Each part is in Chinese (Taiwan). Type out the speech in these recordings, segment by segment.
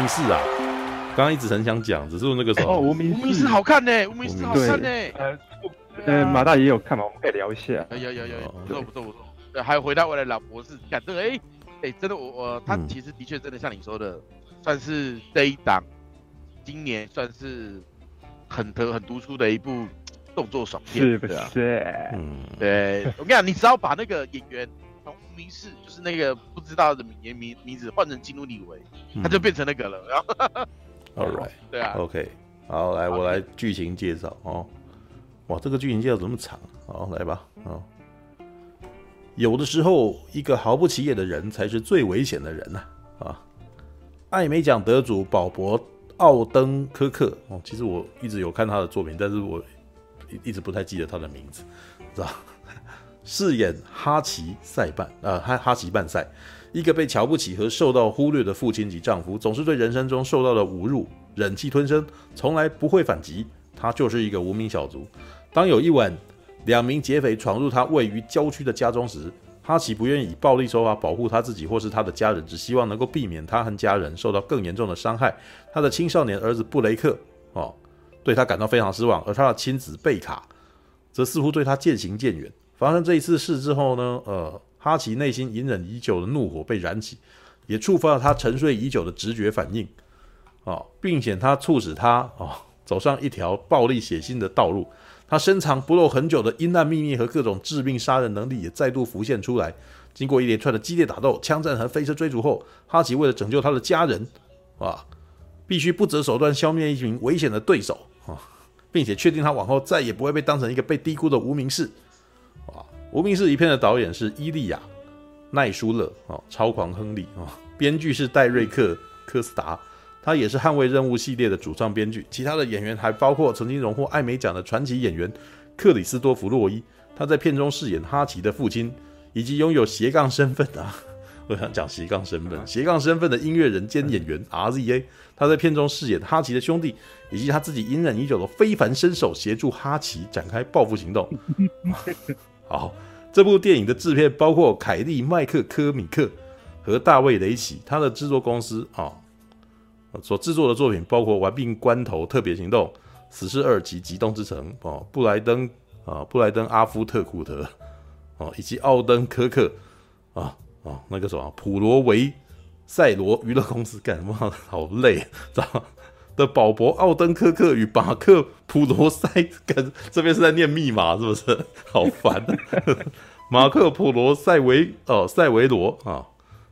無名弒啊，剛剛一直很想講，只是那個什麼哦，名，無名弒好看呢，無名弒好看呢，呃，馬大爺也有看嗎？我們可以聊一下，有有有，不錯不錯不錯，呃，還有回到未來老博士感這個，哎哎，真的我我他其實的確真的像你說的，算是這一檔，今年算是很很突出的一部動作爽片，是不是？嗯，對，我跟你講，你只要把那個演員。是就是那個不知道的名言名名字換成基努李維，他、嗯、就變成那個了。然後，All right，對啊，OK，好，來 Okay. 我來劇情介紹哦。哇，這個劇情介紹怎麼那麼長，好來吧、哦、有的時候，一個毫不起眼的人才是最危險的人呢、啊。啊！艾美獎得主鮑勃奧登柯克哦，其實我一直有看他的作品，但是我一一直不太記得他的名字，知道？飾演哈奇·塞半啊，哈哈奇半賽，一個被瞧不起和受到忽略的父親及丈夫，總是對人生中受到的侮辱忍氣吞聲，從來不會反擊。他就是一個無名小卒。當有一晚兩名劫匪闖入他位於郊區的家中時，哈奇不願意以暴力手法保護他自己或是他的家人，只希望能夠避免他和家人受到更嚴重的傷害。他的青少年兒子布雷克哦，對他感到非常失望，而他的妻子貝卡則似乎對他漸行漸遠。發生這一次事之後呢，呃，哈奇內心隱忍已久的怒火被燃起，也觸發了他沉睡已久的直覺反應，啊，並且他促使他啊走上一條暴力血腥的道路。他深藏不露很久的陰暗祕密和各種致命殺人能力也再度浮現出來。經過一連串的激烈打鬥、槍戰和飛車追逐後，哈奇為了拯救他的家人，啊，必須不擇手段消滅一名危險的對手啊，並且確定他往後再也不會被當成一個被低估的無名氏。《無名弒》一片的導演是伊利亞·奈舒勒，哦，超狂亨利，哦，編劇是戴瑞克·科斯塔，他也是《捍衛任務》系列的主創編劇。其他的演員還包括曾經榮獲艾美獎的傳奇演員克里斯多弗·洛伊，他在片中飾演哈奇的父親，以及擁有斜槓身份的，我想講斜槓身份，斜槓身份的音樂人兼演員 RZA，他在片中飾演哈奇的兄弟，以及他自己隱忍已久的非凡身手，協助哈奇展開報復行動。 好、哦，這部電影的製片包括凱利·麥克科米克和大衛·雷奇，他的製作公司啊、哦，所製作的作品包括《玩命關頭》《特別行動》《死侍二》及《極凍之城》哦，布萊登啊、哦，布萊登·阿夫特古德哦，以及奧登·科克啊啊、哦哦，那個什麼普羅維賽羅娛樂公司幹什麼？好累，知道嗎？的鮑勃奧登科克與馬克普羅塞跟這邊是在念密碼，是不是？好煩！ 馬克普羅塞維哦、呃，塞維羅啊，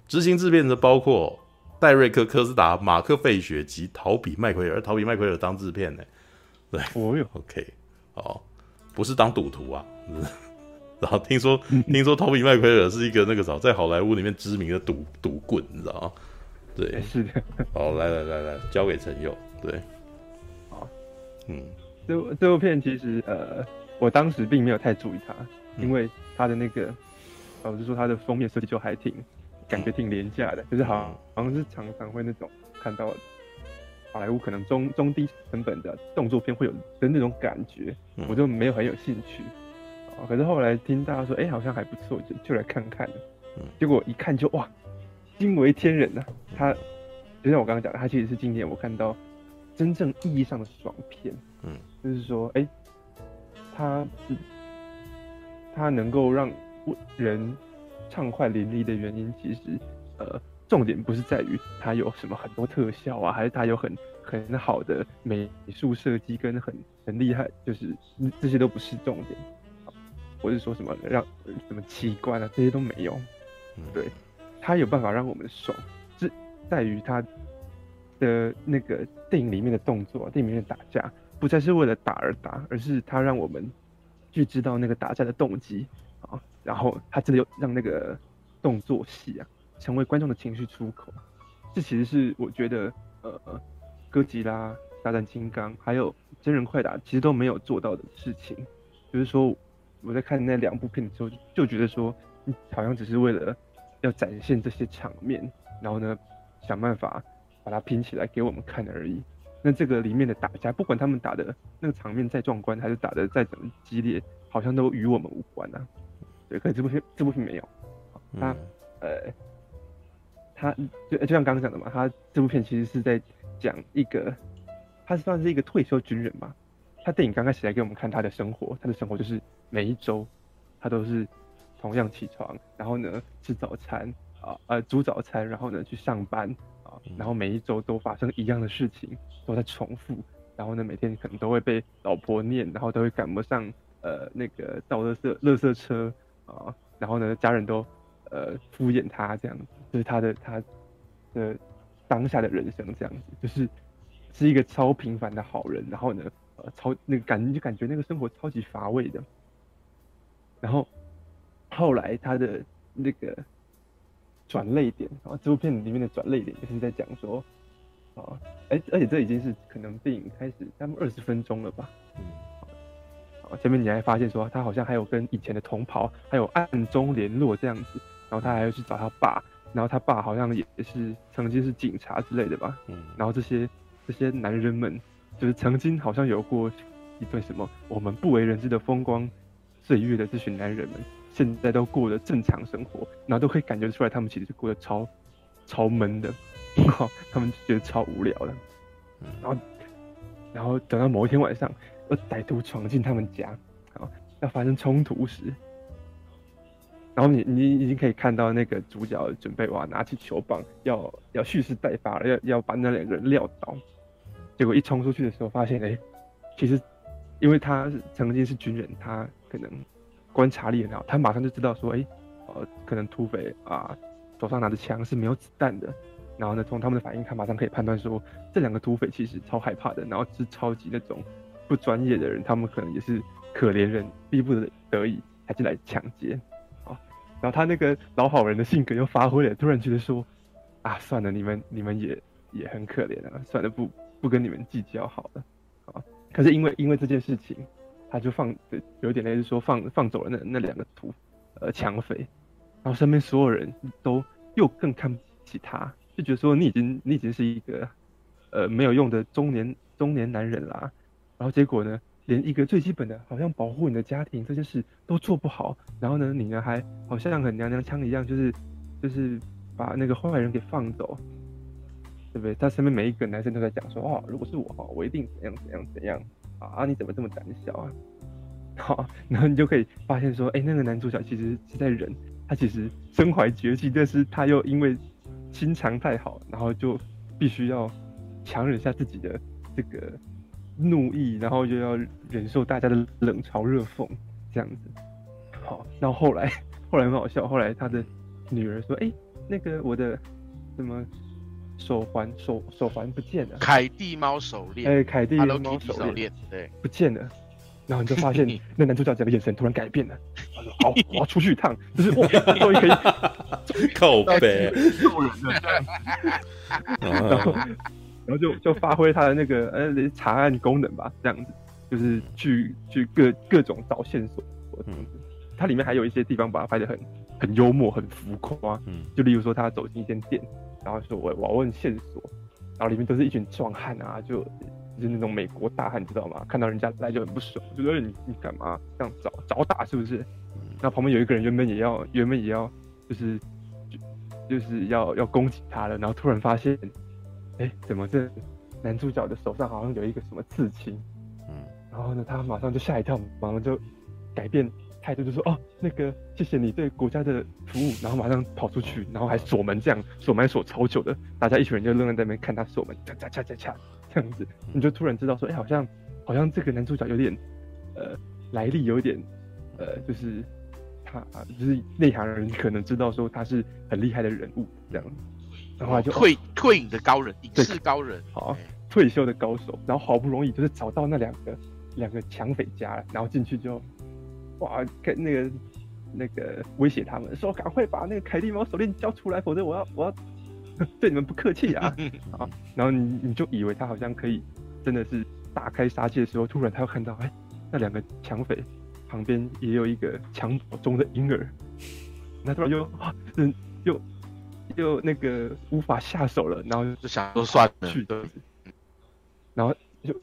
執行制片人的包括戴瑞克科斯達、馬克費雪及陶比麥奎爾，陶比麥奎爾當制片呢、欸。對，哦喲呦，OK，哦，不是當賭徒啊是不是？然後聽說，聽說陶比麥奎爾是一個那個啥，在好萊塢裡面知名的賭賭棍，你知道嗎？對，是的。好，來來來來，交給陳宥。對，啊好，嗯，這部這部片其實呃，我當時並沒有太注意它，因為它的那個，嗯、老實說，它的封面設計就還挺，感覺挺廉價的，嗯、就是好像、嗯、好像是常常會那種看到，好萊塢可能中中低成本的動作片會有的那種感覺，嗯、我就沒有很有興趣，啊，可是後來聽大家說，哎、欸，好像還不錯，就就來看看，嗯、結果一看就哇，驚為天人吶、啊。他，就像我剛剛講的，它其實是今天我看到。真正意義上的爽片，嗯，就是說，誒、欸，它是，它能夠讓人暢快淋漓的原因，其實，呃，重點不是在於它有什麼很多特效啊，還是它有很很好的美術設計跟很很厲害，就是這些都不是重點。我是說什麼讓什麼奇觀啊，這些都沒用。嗯、對，它有辦法讓我們爽，是在於它。的那個電影裡面的動作啊，電影裡面的打架不再是為了打而打，而是他讓我們去知道那個打架的動機啊。然後他真的有讓那個動作戲啊成為觀眾的情緒出口。這其實是我覺得，呃，哥吉拉大戰金剛還有真人快打其實都沒有做到的事情。就是說，我在看那兩部片的時候，就覺得說，好像只是為了要展現這些場面，然後呢，想辦法。把它拼起來給我們看而已。那這個裡面的打架，不管他們打的那個場面再壯觀，還是打的再怎麼激烈，好像都與我們無關啊。對，可是這部片，這部片沒有。嗯、他，呃，他就就像剛剛講的嘛，他這部片其實是在講一個，他是算是一個退休軍人嘛。他電影剛開始來給我們看他的生活，他的生活就是每一周他都是同樣起床，然後呢吃早餐啊，好呃煮早餐，然後呢去上班。然後每一周都發生一樣的事情，都在重複。然後呢，每天可能都會被老婆念，然後都會趕不上呃那個倒垃圾、垃圾車啊、呃。然後呢，家人都呃敷衍他這樣子，就是他的他的、呃、當下的人生這樣子，就是是一個超平凡的好人。然後呢，呃，超那個感覺就感覺那個生活超級乏味的。然後後來他的那個。轉捩點，然後這部片裡面的轉捩點就是在講說，啊、哦，哎、欸，而且這已經是可能電影開始將近二十分鐘了吧，嗯，啊，前面你還發現說他好像還有跟以前的同袍還有暗中聯絡這樣子，然後他還要去找他爸，然後他爸好像也是曾經是警察之類的吧，嗯，然後這些這些男人們就是曾經好像有過一段什麼我們不為人知的風光。歲月的這群男人們，現在都過著正常生活，然後都可以感覺出來，他們其實是過得超超悶的，好，他們就覺得超無聊的，然後，然後等到某一天晚上，有歹徒闖進他們家，好，要發生衝突時，然後你你已經可以看到那個主角準備哇，拿起球棒要要蓄勢待發了，要要把那兩個人撂倒，結果一衝出去的時候，發現哎、欸，其實因為他是曾經是軍人，他。可能觀察力很好，他馬上就知道說，哎、欸，呃，可能土匪啊手上拿着槍是沒有子彈的，然後呢，從他們的反應，他馬上可以判斷說這兩個土匪其實超害怕的，然後是超級那種不專業的人，他們可能也是可憐人，逼不得得已才進來搶劫，啊，然後他那個老好人的性格又發揮了，突然覺得說，啊，算了，你們你們也也很可憐啊，算了不，不不跟你們計較好了，啊，可是因為因為這件事情。他就放，有點類似說放放走了那那兩個土呃搶匪，然後身邊所有人都又更看不起他，就覺得說你已經你已經是一個呃沒有用的中年中年男人啦，然後結果呢，連一個最基本的，好像保護你的家庭這件事都做不好，然後呢，你呢還好像很娘娘腔一樣，就是就是把那個壞人給放走，對不對？他身邊每一個男生都在講說，哦，如果是我哦，我一定怎樣怎樣怎樣。啊，你怎麼這麼膽小啊？好，然後你就可以發現說，欸，那個男主角其實是在忍，他其實身懷絕技，但是他又因為心腸太好，然後就必須要強忍下自己的這個怒意，然後又要忍受大家的冷嘲熱諷這樣子。好，然後後來，後來很好笑，後來他的女兒說，欸，那個我的什麼？手環手手環不見了，凱蒂貓手鏈，哎，凱蒂貓手鏈，對，不見了。然後你就發現那男主角整個眼神突然改變了，他說：“好，我要出去一趟，就是終於可以告白。”然後，然後就就發揮他的那個呃查案功能吧，這樣子就是去去各各種找線索。嗯，它裡面還有一些地方把它拍得很很幽默，很浮誇。嗯，就例如說他走進一間店。然後說：“我我問線索，然後裡面都是一群壯漢啊，就就是那種美國大漢，你知道嗎？看到人家來就很不爽，就覺得你你幹嘛這樣找找打是不是？那、嗯、旁邊有一個人原本也要，原本也要、就是，就是就是要要攻擊他了，然後突然發現，哎，怎麼這男主角的手上好像有一個什麼刺青？嗯，然後呢，他馬上就嚇一跳，馬上就改變。”態度就說哦，那個謝謝你對國家的服務，然後馬上跑出去，然後還鎖門這樣，鎖門鎖超久的，大家一群人就愣在那邊看他鎖門，恰恰恰恰這樣子，你就突然知道說，哎、欸，好像好像這個男主角有點，呃，來歷有點，呃，就是他就是內行人可能知道說他是很厲害的人物這樣，然後他就退退隱的高人，隱士高人，好，退休的高手，然後好不容易就是找到那兩個兩個搶匪家了，然後進去就。哇，跟那個、那個威脅他們說：“趕快把那個凱蒂貓手鏈交出來，否則我要、我要對你們不客氣啊 好！”然後你你就以為他好像可以，真的是大開殺戒的時候，突然他又看到，哎、欸，那兩個搶匪旁邊也有一個襁褓中的嬰兒，那突然就人就就那個無法下手了，然後就想說算了，的對然後就，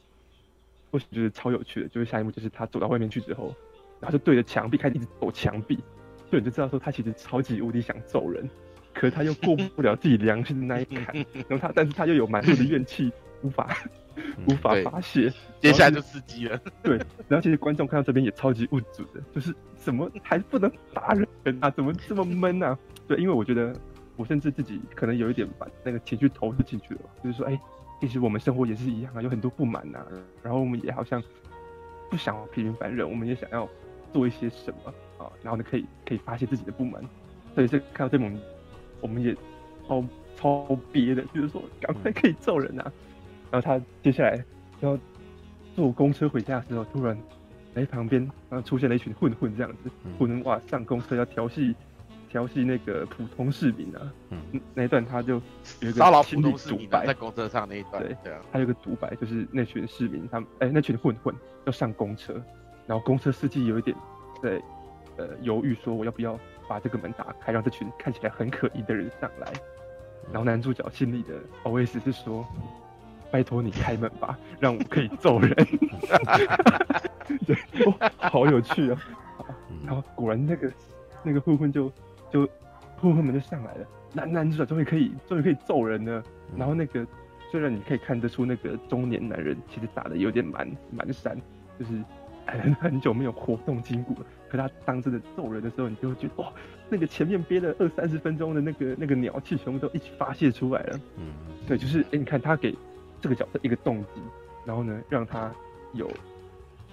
我覺得就是超有趣的，就是下一幕就是他走到外面去之後，然後就對着牆壁開始一直走牆壁，所以你就知道說他其實超級無敵想揍人，可是他又過不了自己良心的那一坎， 然後他但是他又有滿腹的怨氣，無法無法發洩，嗯、接下來就刺激了。 對，然後其實觀眾看到這邊也超級無助的，就是怎麼還不能打人啊？怎麼這麼悶啊？對，因為我覺得我甚至自己可能有一點把那個情緒投入進去了。就是說，哎，其實我們生活也是一樣啊，有很多不滿吶、啊，然後我們也好像不想批評別人，我們也想要。做一些什麼啊？然後呢可，可以可以發洩自己的不滿，所以這看到這種，我們也超超憋的，就是說趕快可以揍人啊，嗯、然後他接下來要坐公車回家的時候，突然，哎，旁邊然後出現了一群混混這樣子，嗯、混混哇上公車要調戲調戲那個普通市民啊，嗯，那一段他就有一個心理獨白，在公車上那一段，對啊，樣他有個獨白就是那群市民他們哎、欸、那群混混要上公車。然後公車司機有一點在呃猶豫，說我要不要把這個門打開，讓這群看起來很可疑的人上來。然後男主角心裡的 OS 是說，拜托你開門吧， 讓我可以揍人。 對、哦，好有趣哦。 然後果然那個那個混混就就混混們就上來了，男男主角終於可以終於可以揍人了。 然後那個雖然你可以看得出那個中年男人其實打得有點蠻蠻閃，就是。很 很久沒有活動筋骨了，可他當真的揍人的時候，你就會覺得哇、哦，那個前面憋了二三十分鐘的那個那個鳥氣全部都一起發洩出來了。嗯，對，就是誒、欸，你看他給這個角色一個動機，然後呢，讓他有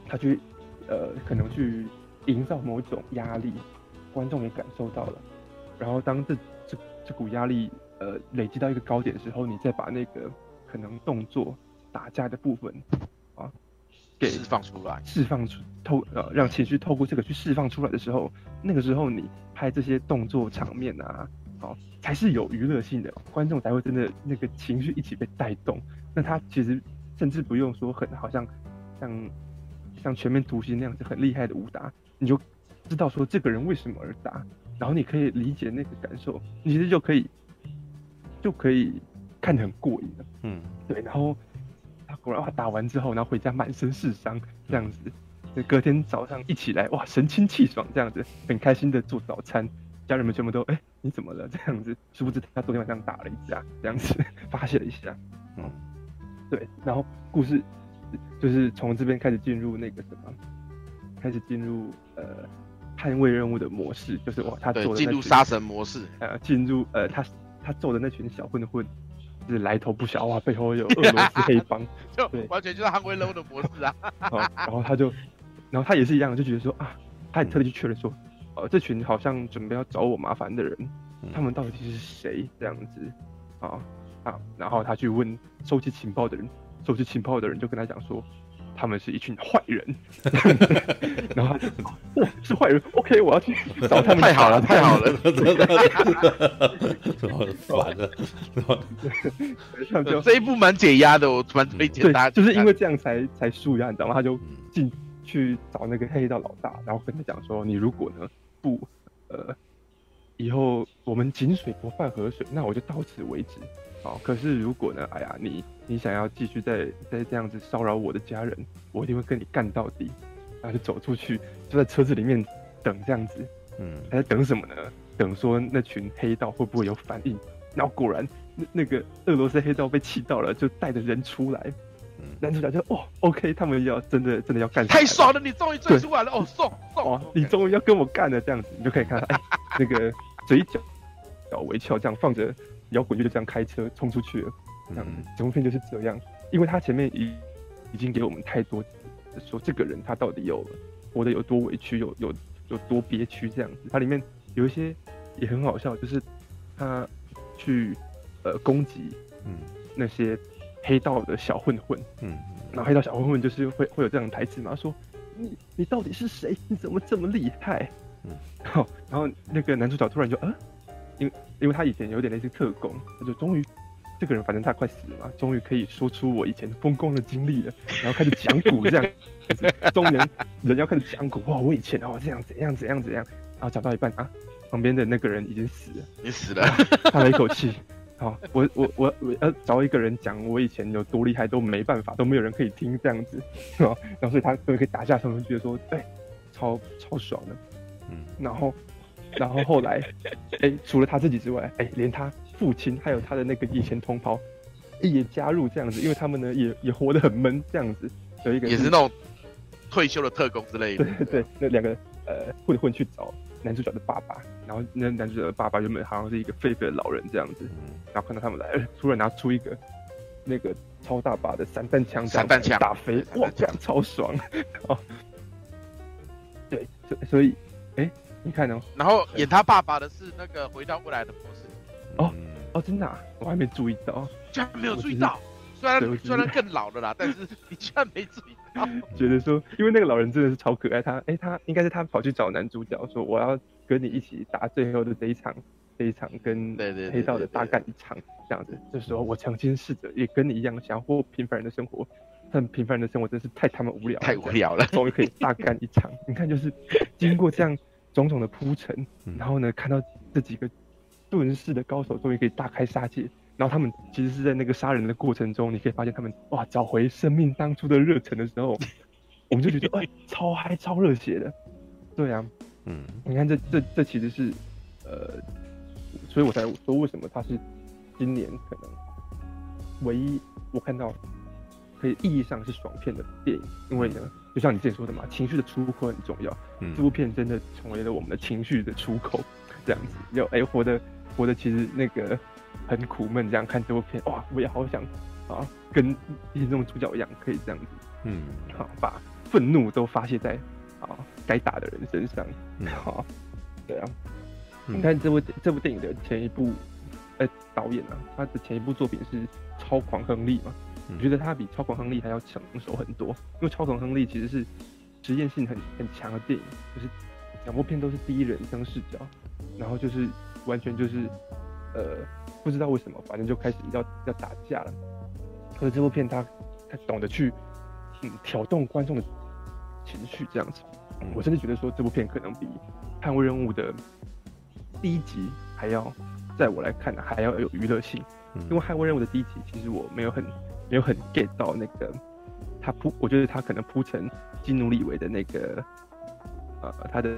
他去呃，可能去營造某種壓力，觀眾也感受到了。然後當這這這，這股壓力呃累積到一個高點的時候，你再把那個可能動作打架的部分。給釋放出來，釋放出透呃，讓情緒透過這個去釋放出來的時候，那個時候你拍這些動作場面啊，哦，才是有娛樂性的，觀眾才會真的那個情緒一起被帶動。那他其實甚至不用說很好像像像全面突襲那樣是很厲害的武打，你就知道說這個人為什麼而打，然後你可以理解那個感受，你其實就可以就可以看得很過癮了。嗯，對，然後。果然哇，打完之後，然後回家滿身是傷這樣子，就隔天早上一起來哇，神清氣爽這樣子，很開心的做早餐，家人們全部都哎、欸、你怎麼了這樣子，殊、嗯、不知他昨天晚上打了一架這樣子，發洩了一下，嗯，對，然後故事就是從這邊開始進入那個什麼，開始進入呃捍衛任務的模式，就是哇他做的進入殺神模式，呃進入呃他他揍的那群小混混。是來頭不小啊，背後有俄羅斯黑幫， 就完全就是漢威勒的模式啊。啊對、 哦，然後他就，然後他也是一樣，就覺得說啊，他也特地去確認說，呃，這群好像準備要找我麻煩的人，他們到底是誰這樣子？啊、哦、啊，然後他去問收集情報的人，收集情報的人就跟他講說。他們是一群壞人， 然後他就哇、哦、是壞人，OK，我要去找他們。 太好了，太好了，完 對了，了 這一部蠻解壓的，我蠻被解壓、嗯，就是因為這樣才才舒壓，你知道嗎？他就進去找那個黑道老大，然後跟他講說：“你如果呢不呃以後我們井水不犯河水，那我就到此為止。好、哦，可是如果呢，哎呀你。”你想要繼續再再這樣子騷擾我的家人，我一定會跟你幹到底。然後就走出去，就在車子裡面等這樣子。嗯，還在等什麼呢？等說那群黑道會不會有反應？然後果然，那那個俄羅斯黑道被氣到了，就帶着人出來。嗯、男主角就哦，OK，他們要真的真的要幹，太爽了！你終於追出來了對哦，送送、哦、okay. 你終於要跟我幹了這樣子，你就可以看到、欸、那個嘴角稍 微翹這樣放着，搖滾樂，就這樣開車衝出去了。這樣子，整部片就是這樣，因為他前面已已經給我們太多，說這個人他到底有活得有多委屈，有有有多憋屈這樣子。它裡面有一些也很好笑，就是他去呃攻擊，嗯，那些黑道的小混混，嗯，嗯嗯然後黑道小混混就是會會有這樣的台詞嘛，說你你到底是誰？你怎麼這麼厲害？嗯，然後然後那個男主角突然就，啊，因為因為他以前有點類似特工，他就終於。這個人反正他快死了嘛，終於可以說出我以前風光的經歷了，然後開始講古這樣，中年 人，人要開始講古哇，我以前啊、哦、這樣怎樣怎樣怎樣，然後講到一半啊，旁邊的那個人已經死了，你死了、啊，嘆了一口氣，好、 啊，我我我我要找一個人講我以前有多厲害都沒辦法，都沒有人可以聽這樣子，吧、啊、然後所以他都可以打架上去就，他們覺得說對，超超爽的，嗯，嗯然後然後後來， 哎，除了他自己之外，哎，連他。父親還有他的那個以前同袍，也加入這樣子，因為他們呢也也活得很悶這樣子。有一個是也是那種退休的特工之類的。對，對對，那兩個呃混混去找男主角的爸爸，然後那男主角的爸爸原本好像是一個狒狒的老人這樣子，嗯、然後看到他們來了，突然拿出一個那個超大把的散彈槍，散彈槍打飛，哇，超爽哦！ 對，所所以，哎、欸，你看呢、喔？然後演他爸爸的是那個回到未來的博士。哦哦，哦真的，啊，我還沒注意到，居然沒有注意到，雖然雖然更老了啦，但是你居然沒注意到， 覺得說，因為那個老人真的是超可愛，他哎、欸、他應該是他跑去找男主角說，我要跟你一起打最後的這一場這一場跟黑道的大幹一場，這樣子，就是說我曾經試着也跟你一樣，想要過平凡人的生活，但平凡人的生活真是太他媽無聊，太無聊了，終 於可以大幹一場， 你看就是經過這樣種種的鋪陳， 然後呢、嗯、看到這幾個。遁世的高手終於可以大開殺戒，然後他們其實是在那個殺人的過程中，你可以發現他們哇，找回生命當初的熱忱的時候，我們就覺得 哎，超嗨、超熱血的。對啊，嗯，你看這、這、這其實是，呃，所以我才說為什麼它是今年可能唯一我看到可以意義上是爽片的電影，因為呢，就像你之前說的嘛，情緒的出口很重要，嗯，這部片真的成為了我們的情緒的出口，這樣子，要哎，活得。我的其實那個很苦悶，這樣看這部片，哇，我也好想啊，跟一些那種主角一樣，可以這樣子，嗯，好把憤怒都發洩在啊該打的人身上，好、嗯，對啊，你看這部這部電影的前一部、呃，導演啊，他的前一部作品是《超狂亨利》嘛？嗯、我覺得他比《超狂亨利》還要成熟很多，因為《超狂亨利》其實是實驗性很很強的電影，就是兩部片都是第一人稱視角，然後就是。完全就是，呃，不知道為什麼，反正就開始要要打架了。可是這部片他他懂得去，嗯，挑動觀眾的情緒這樣子。我甚至覺得說這部片可能比《捍衛任務》的第一集還要，在我來看呢還要有娛樂性。因為《捍衛任務》的第一集其實我沒有很沒有很 get 到那個他鋪，我覺得他可能鋪陳基努裡維的那個呃他的。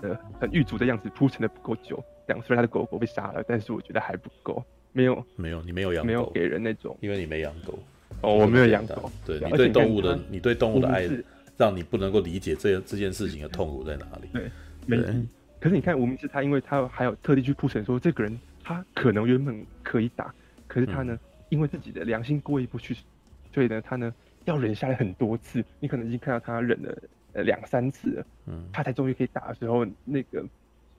的很獄卒的樣子樣，鋪陳的不夠久，養，雖然他的狗狗被殺了，但是我覺得還不夠，沒有沒有你沒有養狗沒有給人那種，因為你沒養狗，哦，我沒有養狗，對，對你，你對動物的他你對動物的愛，讓你不能夠理解這這件事情的痛苦在哪裡。對，對。沒，對可是你看無名弒他，因為他還有特地去鋪陳說這個人他可能原本可以打，可是他呢，嗯、因為自己的良心過意不去，所以呢他呢要忍下來很多次，你可能已經看到他忍了。呃，兩三次，嗯，他才終於可以打的時候，那個，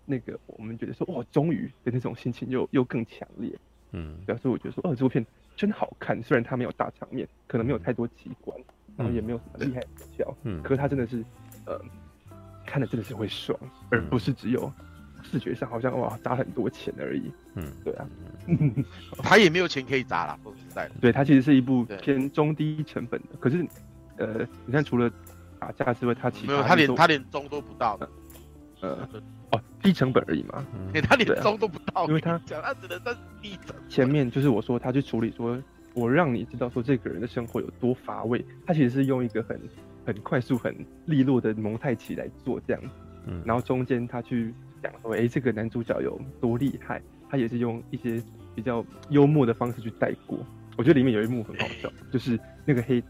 那個，我們覺得說，哇、哦，終於的那種心情又又更強烈，嗯，表示我覺得說，哦，這部片真好看，雖然它沒有大場面，可能沒有太多機關，嗯、然後也沒有什麼厲害特效，嗯，可是他真的是，呃，看了真的是會爽，嗯、而不是只有視覺上好像哇砸很多錢而已，嗯，對啊，嗯嗯、 他也沒有錢可以砸了，不存在，對，他其實是一部偏中低成本的，對可是，呃，你看除了。打架是因為他其實沒有，他連他連中都不到的。呃，是是哦，低成本而已嘛，他連中都不到，啊、因為他講他只能在前面，就是我說他去處理，說我讓你知道說這個人的生活有多乏味，他其實是用一個很很快速很利落的蒙太奇來做這樣，嗯，然後中間他去講說，哎、欸，這個男主角有多厲害，他也是用一些比較幽默的方式去帶過。我覺得裡面有一幕很好笑，欸、就是那個黑。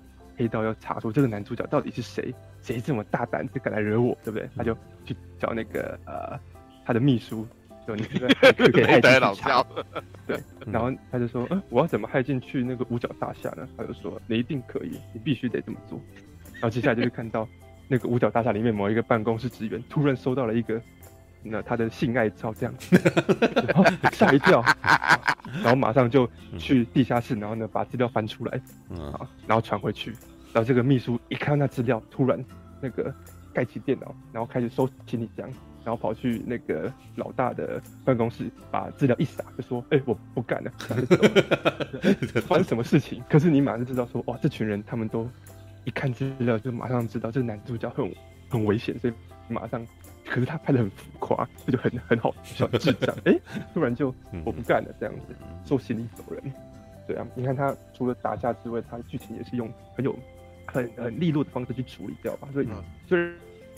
一要查出這個男主角到底是誰，誰這麼大膽就敢來惹我，對不對？他就去找那個呃，他的秘書，就那個給害進去 對，然後他就說：“嗯、欸，我要怎麼駭進去那個五角大廈呢？”他就說：“你一定可以，你必須得這麼做。”然後接下來就是看到那個五角大廈裡面某一個辦公室職員突然收到了一個那他的性愛照，這樣子，嚇一跳然後，然後馬上就去地下室，然後呢把資料翻出來， 然後傳回去。然後這個秘書一看到那資料，突然那個蓋起電腦，然後開始收行李箱，然後跑去那個老大的辦公室，把資料一撒，就說：“哎、欸，我不幹了！”發生 什麼事情？可是你馬上知道，說：“哇，這群人他們都一看資料就馬上知道，這男主角很很危險，所以馬上……可是他拍得很浮誇，這就很很好笑，智障！哎， 突然就我不幹了，這樣子收行李走人，對啊，你看他除了打架之外，他劇情也是用很有。很很利落的方式去處理掉吧，所以、嗯、雖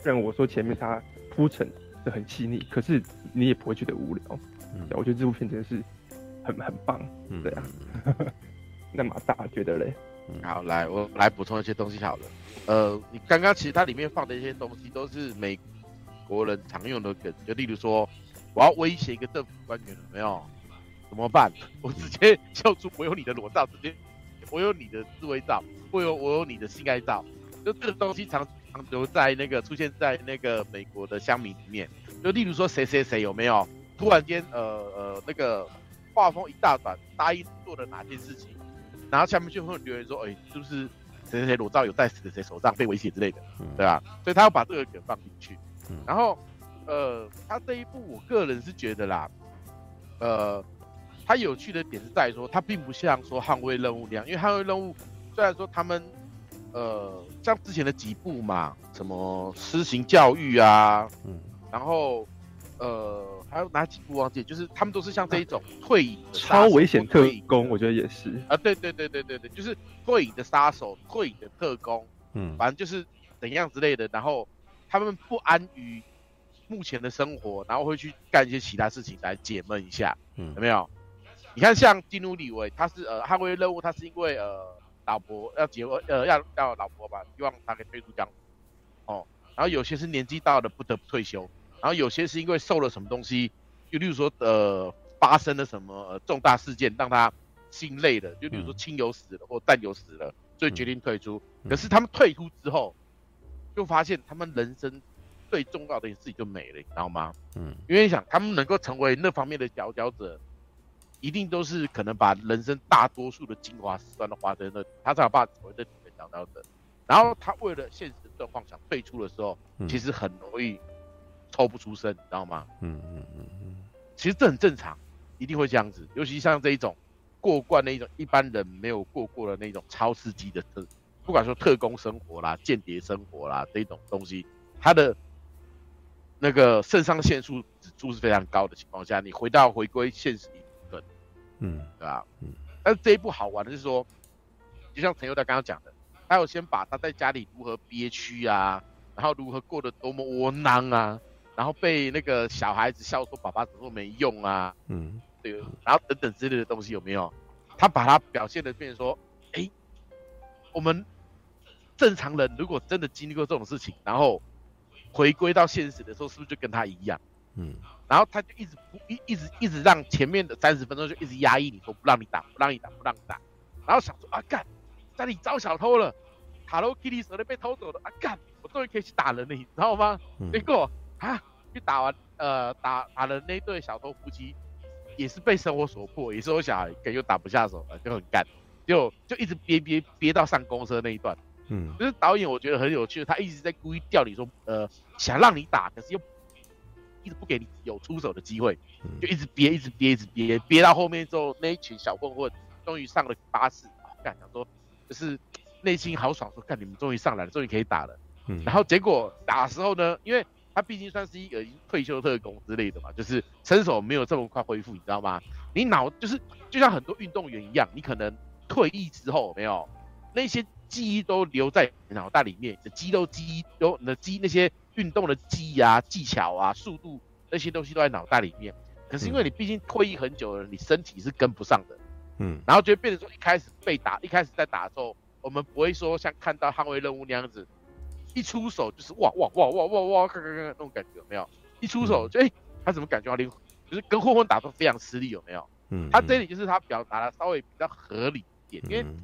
然我說前面他鋪陳是很細膩，可是你也不會覺得無聊。嗯，我覺得這部片真的是很很棒。嗯、對啊，嗯、 那馬大覺得嘞？好，來我來補充一些東西好了。呃，你剛剛其實它裡面放的一些東西都是美國人常用的梗，就例如說，我要威脅一個政府官員了，有沒有？怎麼辦？我直接跳出我有你的裸照，直接。我有你的自慰照，我有我有你的性愛照，就這個東西常常留在那個，出現在那個美國的鄉民裡面，就例如說誰誰誰有沒有突然間呃呃那個畫風一大轉，答應做了哪件事情，然後下面就會留言說，誒、欸，就是不是誰誰誰裸照有在誰誰手上被威脅之類的，對吧、啊？所以他要把這個給放進去，然後呃，他這一部我個人是覺得啦，呃。他有趣的點是在說，他並不像說捍衛任務那樣，因為捍衛任務雖然說他們，呃，像之前的幾部嘛，什麼私刑教育啊，嗯，然後呃，還有哪幾部忘記，就是他們都是像這一種退隱超危險特工，我覺得也是啊，對、呃、對對對對對，就是退隱的殺手、退隱的特工，嗯，反正就是怎樣之類的，然後他們不安於目前的生活，然後會去幹一些其他事情來解悶一下，嗯，有沒有？你看，像基努李維他是呃，捍衛任務，他是因為呃，老婆要結婚，呃，要要老婆吧，希望他可以退出江湖，哦。然後有些是年紀大了不得不退休，然後有些是因為受了什麼東西，就例如說呃，發生了什麼、呃、重大事件讓他心累的，就例如說親友死了、嗯、或戰友死了，所以決定退出。嗯、可是他們退出之後，就發現他們人生最重要的自己就沒了，你知道嗎？嗯，因為你想他們能夠成為那方面的佼佼者。一定都是可能把人生大多數的精華時段都花在那，他才有辦法回到裡面講到的。然後他為了現實狀況想退出的時候，其實很容易抽不出身，你知道嗎？嗯嗯嗯嗯，其實這很正常，一定會這樣子。尤其像這一種過慣那一種一般人沒有過過的那種超刺激的生，不管說特工生活啦、間諜生活啦這種東西，他的那個腎上腺素指數是非常高的情況下，你回到回歸現實。嗯，對吧？嗯，但是這一部好玩的是說，就像陳宥在剛剛講的，他要先把他在家裡如何憋屈啊，然後如何過得多麼窩囊啊，然後被那個小孩子笑說爸爸怎麼沒用啊，嗯，對，然後等等之類的東西有沒有？他把他表現得變成說，哎、欸，我們正常人如果真的經歷過這種事情，然後回歸到現實的時候，是不是就跟他一樣？嗯。然後他就一直不一一直一直讓前面的三十分鐘就一直壓抑你,說你，說不讓你打，不讓你打，不讓你打。然後想說啊幹，家裡招小偷了，Hello Kitty 蛇都被偷走了。啊幹，我終於可以去打人了，你知道嗎？嗯、結果啊，去打完呃打打了那對小偷夫妻，也是被生活所迫，也是我想又打不下手了，就很幹，就就一直憋憋憋到上公車那一段。嗯，就是導演我覺得很有趣，他一直在故意吊你說，說呃想讓你打，可是又。一直不給你有出手的機會，就一直憋，一直憋，一直憋，一直憋，憋到後面之後，那一群小混混終於上了巴士。感、啊、想說就是內心好爽，說看你們終於上來了，終於可以打了。嗯、然後結果打的時候呢，因為他畢竟算是一個退休特工之類的嘛，就是身手沒有這麼快恢復，你知道嗎？你腦就是就像很多運動員一樣，你可能退役之後沒有那些記憶都留在腦袋裡面，的肌肉記憶都你的肌那些。運動的記憶啊、技巧啊、速度那些東西都在腦袋裡面，可是因為你畢竟退役很久了，嗯、你身體是跟不上的。嗯，然後覺得變成說一開始被打，一開始在打的時候，我們不會說像看到捍衛任務那樣子，一出手就是哇哇哇哇哇哇咔咔咔，那種感覺有沒有？一出手就哎、欸，他、嗯、怎麼感覺連就是跟混混打都非常吃力，有沒有？嗯，他、嗯、這裡就是他表達的稍微比較合理一點，因為、嗯、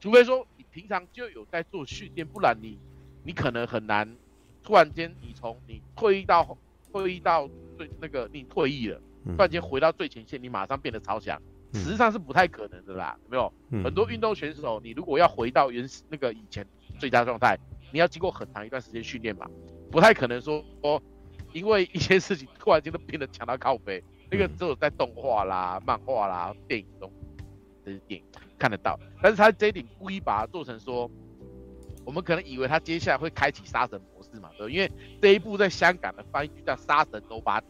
除非說你平常就有在做訓練，不然你你可能很難。突然間，你從你退役到退役到最那個，你退役了，嗯、突然間回到最前線，你馬上變得超強，嗯、實際上是不太可能的啦，有沒有？嗯、很多運動選手，你如果要回到原始那個以前最佳狀態，你要經過很長一段時間訓練嘛，不太可能說說，因為一些事情突然間都變得強到靠背，嗯、那個只有在動畫啦、漫畫啦、電影中，這些電影看得到，但是他這一點故意把它做成說，我們可能以為他接下來會開啟殺神。是嘛？對，因為這一部在香港的翻譯就叫《殺神 Nobody》，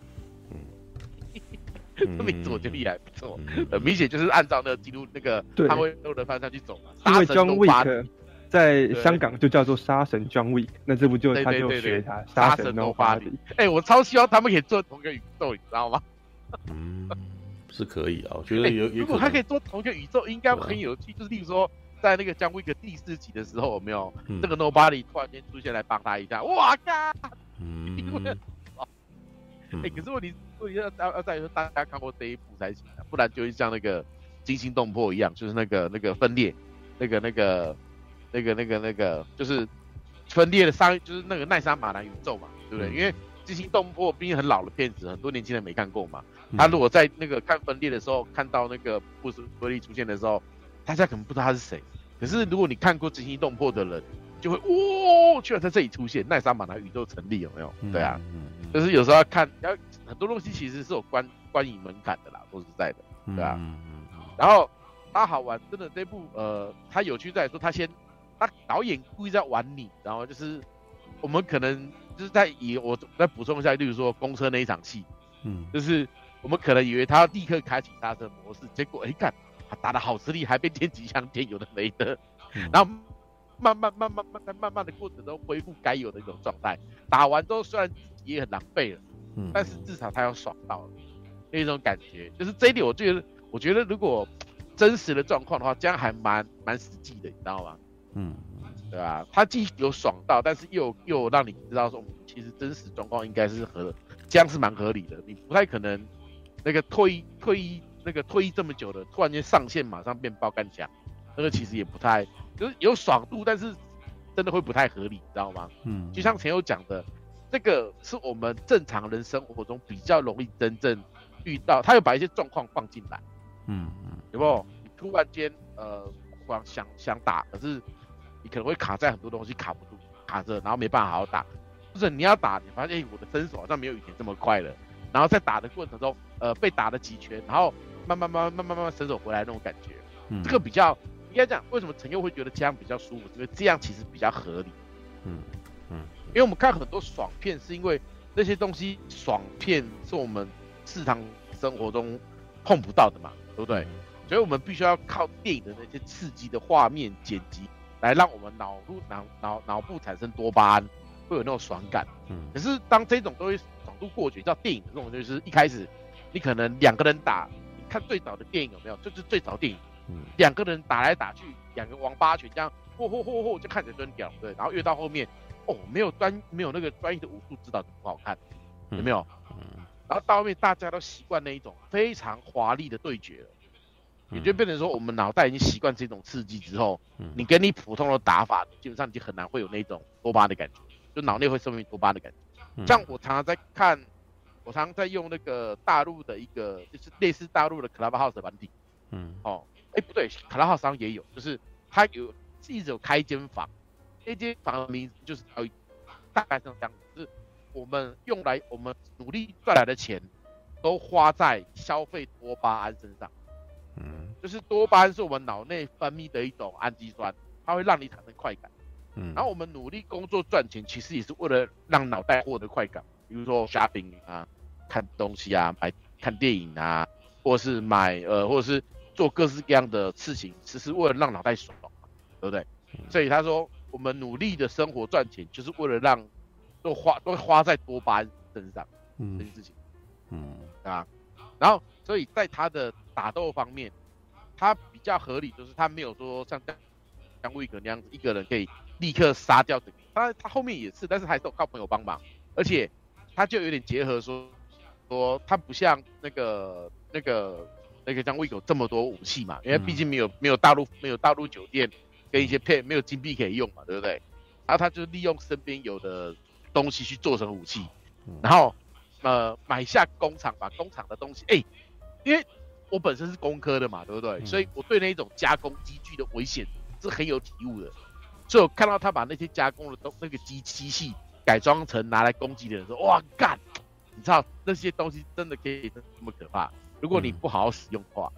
嗯，這名字我覺得也還不錯。很明顯就是按照那記錄那個《他們諾》的方向去走嘛。殺神 Nobody 在香港就叫做《殺神 John Wick》，那這不就他就學他殺神 Nobody？哎，我超希望他們可以做同一個宇宙，你知道嗎？嗯，是可以啊，我覺得如果他可以做同一個宇宙，應該會很有趣。就是例如說。在那個《John Wick 第四集》的時候，有沒有、嗯、這個 Nobody 突然間出現來幫他一下？哇靠！嗯。哎、 欸，可是問題問題要要在於說，大家看過第一部才行、啊，不然就會像那個驚心動魄一樣，就是那個那個分裂，那個那個那個那個那個就是分裂的殺，就是那個奈莎馬蘭宇宙嘛，對不對？嗯、因為驚心動魄畢竟很老的片子，很多年輕人沒看過嘛。他如果在那個看分裂的時候，看到那個布魯斯威利出現的時候。大家可能不知道他是誰，可是如果你看過驚心動魄的人，就會哦，居然在這裡出現奈沙馬蘭宇宙成立，有沒有？對啊，嗯嗯、就是有時候要看，要很多東西其實是有觀觀影門檻的啦，說實在的，對啊。嗯嗯嗯、然後他好玩，真的這部呃，他有趣在說，他先，他導演故意在玩你，然後就是我們可能就是在以我再補充一下，例如說公車那一場戲，嗯，就是我們可能以為他要立刻開啟剎車模式，結果哎幹。欸看他打的好吃力，還被電擊槍電，有的沒的。嗯、然後慢慢慢慢慢慢慢慢的過程中，恢復該有的一種狀態。打完之後雖然也很狼狽了，嗯，但是至少他要爽到，了，那種感覺。就是這一點，我覺得我覺得如果真實的狀況的話，這樣還蠻蠻實際的，你知道嗎？嗯，對吧、啊？他既有爽到，但是又又讓你知道說，其實真實狀況應該是合，這樣是蠻合理的。你不太可能那個退退役。那個退役這麼久了，突然間上線馬上變爆幹強，那個其實也不太就是有爽度，但是真的會不太合理，你知道嗎？嗯，就像前有講的，這個是我們正常人生活中比較容易真正遇到。他有把一些狀況放進來，嗯，有沒有？你突然間呃，光想想打，可是你可能會卡在很多東西卡不住，卡着，然後沒辦法好好打。就是你要打，你發現、欸、我的身手好像沒有以前這麼快了，然後在打的過程中，呃，被打了幾拳，然後。慢慢、慢慢、慢慢、慢慢伸手回來那種感覺，嗯、這個比較應該講，為什麼陳宥會覺得這樣比較舒服？因為這樣其實比較合理。嗯嗯，嗯因為我們看很多爽片，是因為那些東西爽片是我們日常生活中碰不到的嘛，對不對？所以我們必須要靠電影的那些刺激的畫面剪輯來讓我們腦部腦腦腦部產生多巴胺，會有那種爽感。嗯，可是當這種東西爽度過去，到電影這種就是一開始你可能兩個人打。看最早的電影有沒有？就是最早電影，兩、嗯、個人打來打去，兩個王八拳這樣，嚯嚯嚯嚯就看着蹲屌，對不對？然後越到後面，哦、喔，沒有專沒有那個專業的武術指導，就不好看，有沒有？嗯嗯、然後到後面大家都習慣那一種非常華麗的對決了，嗯、也就變成說我們腦袋已經習慣這種刺激之後，嗯、你跟你普通的打法，基本上你就很難會有那種多巴的感覺，就腦內會分泌多巴的感覺。嗯、像我常常在看。我常在用那個大陸的一個，就是類似大陸的 Clubhouse 的版本。嗯，哦，哎、欸，不對，Clubhouse 上也有，就是它有自己有開間房，那間房的名字就是呃，大概是這樣子，就是我們用來我們努力賺來的錢，都花在消費多巴胺身上。嗯，就是多巴胺是我們腦內分泌的一種氨基酸，它會讓你產生快感。嗯，然後我們努力工作賺錢，其實也是為了讓腦袋獲得快感，比如說 shopping 啊。看東西啊，買看電影啊，或者是買呃，或者是做各式各樣的事情，只是為了讓腦袋爽，對不對？嗯、所以他說，我們努力的生活賺錢，就是為了讓都花都花在多巴胺身上，嗯，這件事情，嗯啊，然後所以在他的打鬥方面，他比較合理，就是他沒有說像像維克那樣子一個人可以立刻殺掉的，他他後面也是，但是還是有靠朋友幫忙，而且他就有點結合說。說他不像那個那個那個像胃口這麼多武器嘛，嗯、因為畢竟沒有沒有大陸沒有大陸酒店跟一些配沒有金幣可以用嘛，對不對？然後他就利用身邊有的東西去做成武器，嗯、然後呃買下工廠，把工廠的東西，誒、欸，因為我本身是工科的嘛，對不對？嗯、所以我對那一種加工機具的危險是很有體悟的，所以我看到他把那些加工的東那個機機器改裝成拿來攻擊的人說：哇幹！God, 你知道那些東西真的可以那麼可怕？如果你不好好使用的話，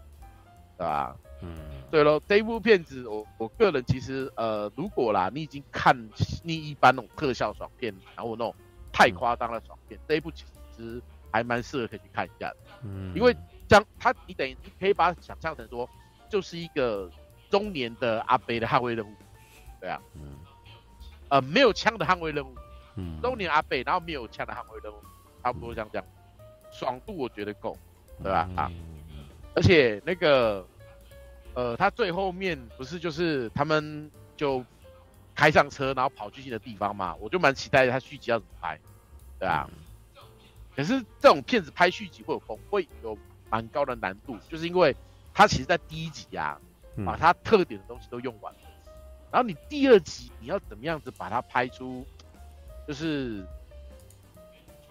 對吧？嗯，對嘍。這一部片子，我我個人其實呃，如果啦，你已經看膩一般那種特效爽片，然後那種太誇張的爽片，嗯、這一部其實還蠻適合可以去看一下的。嗯，因為將他，你等於你可以把它想象成說，就是一個中年的阿北的捍衛任務，對啊，嗯，呃，沒有槍的捍衛任務，嗯，中年阿北，然後沒有槍的捍衛任務。差不多像這樣講，爽度我覺得夠，對吧？啊，嗯、而且那個，呃，他最後面不是就是他們就開上車，然後跑去新的地方嘛？我就蠻期待他續集要怎麼拍，對吧、啊？嗯、可是這種片子拍續集會有風，會有蠻高的難度，就是因為他其實在第一集呀、啊，嗯、把他特點的東西都用完了，然後你第二集你要怎麼樣子把它拍出，就是，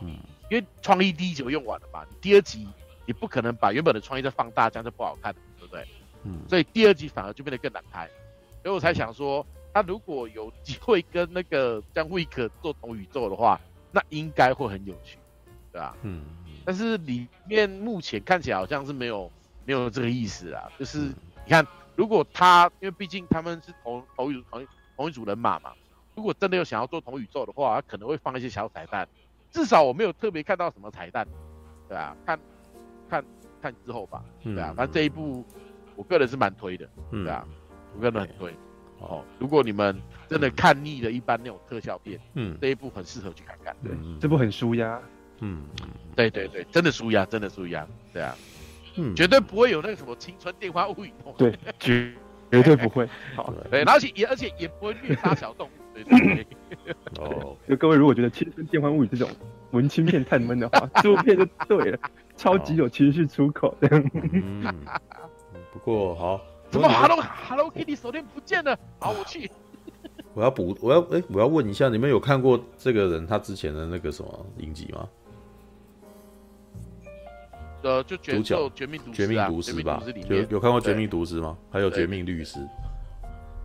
嗯。因為創意第一集我用完了嘛，你第二集你不可能把原本的創意再放大，這樣就不好看對不對？嗯，所以第二集反而就變得更難拍，所以我才想說，他、嗯、如果有機會跟那個約翰維克做同宇宙的話，那應該會很有趣，對吧、啊？嗯，但是裡面目前看起來好像是沒有沒有這個意思啦，就是你看，如果他因為畢竟他們是同同同同一組人馬嘛，如果真的有想要做同宇宙的話，他可能會放一些小彩蛋。至少我沒有特別看到什麼彩蛋，對吧？看，看，看之後吧，對啊。反正這一部，我個人是蠻推的，對啊，我個人很推。哦，如果你們真的看膩了一般那種特效片，嗯，這一部很適合去看看。對，這部很舒壓，嗯，對對對，真的舒壓，真的舒壓，對啊，嗯，絕對不會有那個什麼青春電話物語。對，絕對不會，對，而且也而且也不會虐殺小動物。對。哦，就各位如果覺得《青春電幻物語》這種文青片太悶的話，這部片就對了，超級有情緒出口這樣。不過好，怎麼 Hello Hello Kitty 手電不見了？我去，我要補，我要哎，我要問一下，你們有看過這個人他之前的那個什麼影集嗎？呃，就《絕命絕命毒師》吧，有有看過《絕命毒師》嗎？還有《絕命律師》？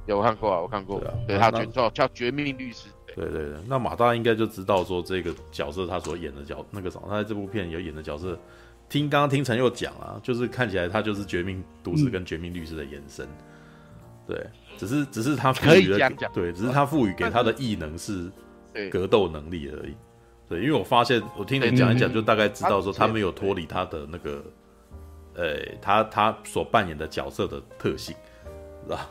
有看過啊，我看過，對，他叫叫《絕命律師》。對對對，那馬大應該就知道說這個角色他所演的角那個什麼，他在這部片有演的角色，聽剛剛聽陳宥講啊，就是看起來他就是絕命毒師跟絕命律師的延伸，對，只是只是他賦予了，講講對，只是他賦予給他的異能是格鬥能力而已，對，因為我發現我聽你講一講，就大概知道說他沒有脫離他的那個，呃、哎，他他所扮演的角色的特性，是吧？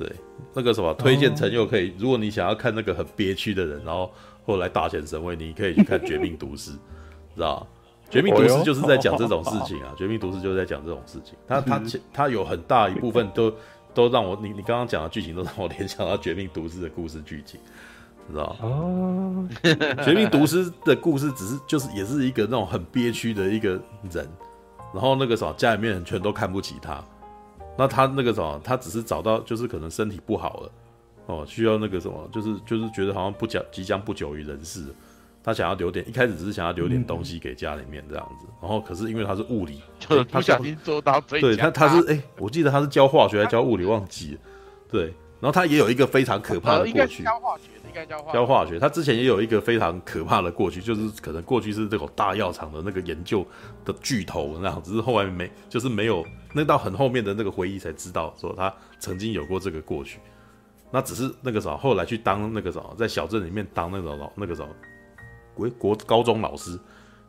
對，那個什麼推薦成就可以，oh. 如果你想要看那個很憋屈的人，然後後來大顯神威，你可以去看《絕命毒師》， 知道？《絕命毒師》就是在講這種事情啊，oh, oh, oh, oh.《絕命毒師》就是在講這種事情。他他他有很大一部分都都讓我你你剛剛講的劇情都讓我聯想到《絕命毒師》的故事劇情，知道哦，oh. 《絕命毒師》的故事只是就是也是一個那種很憋屈的一個人，然後那個什麼家裡面人全都看不起他。那他那個什麼，他只是找到，就是可能身體不好了，哦，需要那個什麼，就是就是覺得好像不久，即將不久於人世，他想要留點，一開始只是想要留點東西給家裡面這樣子，然後可是因為他是物理，嗯、他是就不小心做到飛，對，他他是，哎、欸，我記得他是教化學還教物理忘記了，對。然後他也有一個非常可怕的過去，教化學應該教化學，教化學。他之前也有一個非常可怕的過去，就是可能過去是這種大藥廠的那個研究的巨頭，然後只是後來沒，就是沒有那到很後面的那個回憶才知道，說他曾經有過這個過去。那只是那個時候，後來去當那個時候，在小鎮裡面當那個老那個時候，國國高中老師，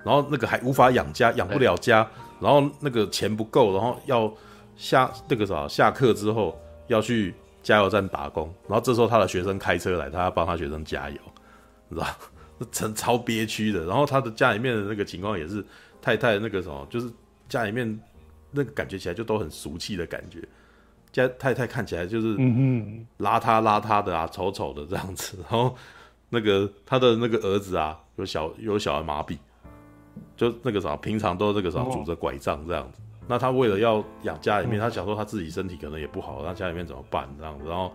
然後那個還無法養家，養不了家，嘿然後那個錢不夠，然後要下那個啥下課之後要去。加油站打工，然後這時候他的學生開車來，他要幫他學生加油，你知道吧？成 超憋屈的。然後他的家裡面的那個情況也是太太那個什麼，就是家裡面那個感覺起來就都很俗氣的感覺。家太太看起來就是、嗯、哼邋遢邋遢的啊，醜醜的這樣子。然後那個他的那個兒子啊，有小有小兒麻痹，就那個啥，平常都那個啥拄着拐杖這樣子。那他為了要養家裡面，他想說他自己身體可能也不好，那家裡面怎麼辦這樣子？然後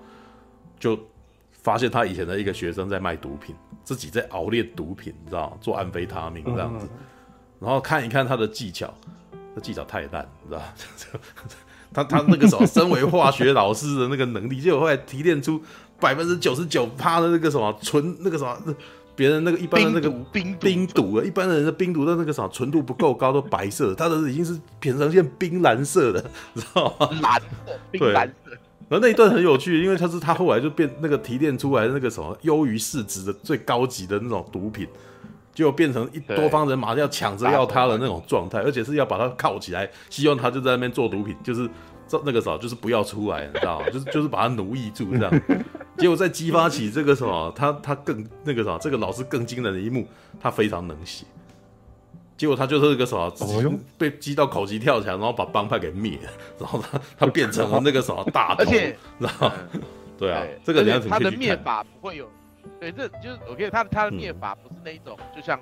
就發現他以前的一個學生在賣毒品，自己在熬煉毒品，你知道，做安非他命這樣子。然後看一看他的技巧，那技巧太爛，你知道， 他他那個什麼，身為化學老師的那個能力，結果後來提煉出百分之九十九趴的那個什麼純那個什麼。別人那個一般的那個冰毒，冰毒冰毒啊、一般的人的冰毒，的那個什麼純度不夠高，都白色，他的已經是呈現冰藍色的，知道嗎？藍色，冰藍色。然後那一段很有趣，因為他是他後來就變那個提煉出來那個什麼優於市值的最高級的那種毒品，就變成一多方人馬上要搶着要他的那種狀態，對而且是要把他銬起來，希望他就在那邊做毒品，就是。這那個啥就是不要出來，你知道嗎？就是就是把他奴役住這樣，結果再激發起這個啥，他他更那個時候這個老師更驚人的一幕，他非常能寫。結果他就是那個啥，直接被激到狗急跳牆，然後把幫派給滅了，然後他他變成了那個啥大頭，然後且、嗯、對啊，對這個你要他的滅法不會有，對，這就是 OK，他他的滅法不是那一種，嗯、就像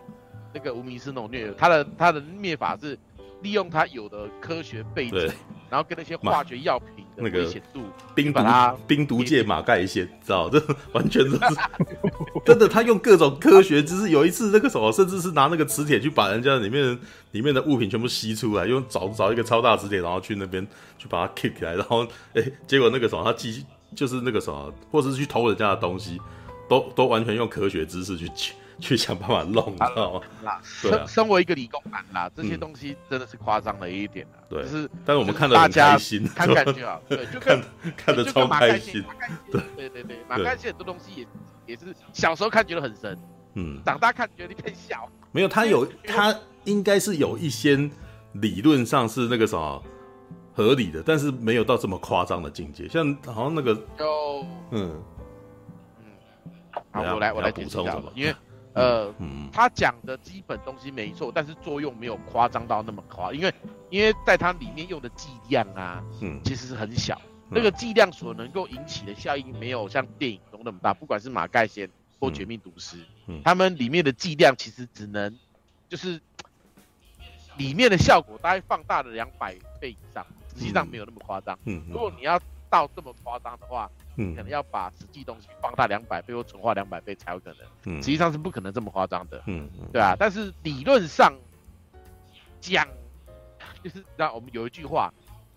那個無名弒那種虐，他的他的滅法是利用他有的科學背景。對然後跟那些化學藥品，那個，毒冰毒啊，冰毒界馬蓋先，知道這完全都是 真的。他用各種科學知識，有一次那個什麼，甚至是拿那個磁鐵去把人家裡面裡面的物品全部吸出來，用找找一個超大磁鐵，然後去那邊去把它 k 起來，然後哎，結果那個什麼，他續，就是那個什麼，或者是去偷人家的東西，都都完全用科學知識去去想辦法弄到。對，身身為一個理工男啦，這些東西真的是誇張了一點。對。就是，但是我們看的很開心，看感覺啊。對，就看，看的超開心，對對對，蠻開心。很多東西也也是小時候看覺得很神，嗯，長大看覺得變小。沒有，他有，他應該是有一些理論上是那個什麼合理的，但是沒有到這麼誇張的境界。像好像那個，嗯嗯，好，我來，我來補充因為呃，嗯嗯、他講的基本東西沒錯，但是作用沒有誇張到那麼誇，因為，因為在它裡面用的劑量啊，嗯，其實是很小，嗯、那個劑量所能夠引起的效應沒有像電影中那麼大，不管是馬蓋先或絕命毒師，嗯嗯嗯、他們裡面的劑量其實只能，就是裡面的效果大概放大了兩百倍以上，實際上沒有那麼誇張，嗯，如果你要。到這麼誇張的話，嗯，可能要把實際東西放大兩百倍或存化兩百倍才有可能，嗯，實際上是不可能這麼誇張的，嗯，嗯，對啊。但是理論上講，就是那我們有一句話，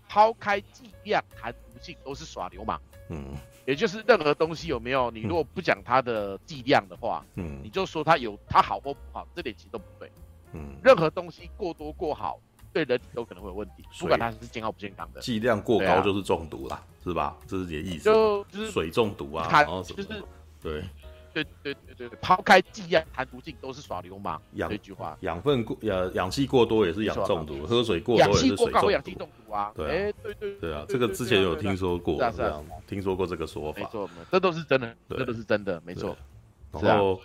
拋開劑量談毒性都是耍流氓，嗯，也就是任何東西有沒有，你如果不講它的劑量的話，嗯，你就說它有它好或不好，這點其實都不對，嗯，任何東西過多過好。對人有可能會有問題，不管他是健康不健康的，劑量過高就是中毒了，是吧？這是的意思，就是水中毒啊，然後就是對對對對對，拋開劑量談毒性都是耍流氓。一句話，養分過氧氧氣過多也是氧中毒，喝水過多也是氧中毒啊。哎，對對啊，這個之前有聽說過，聽說過這個說法，沒錯，這都是真的，這都是真的，沒錯。然後，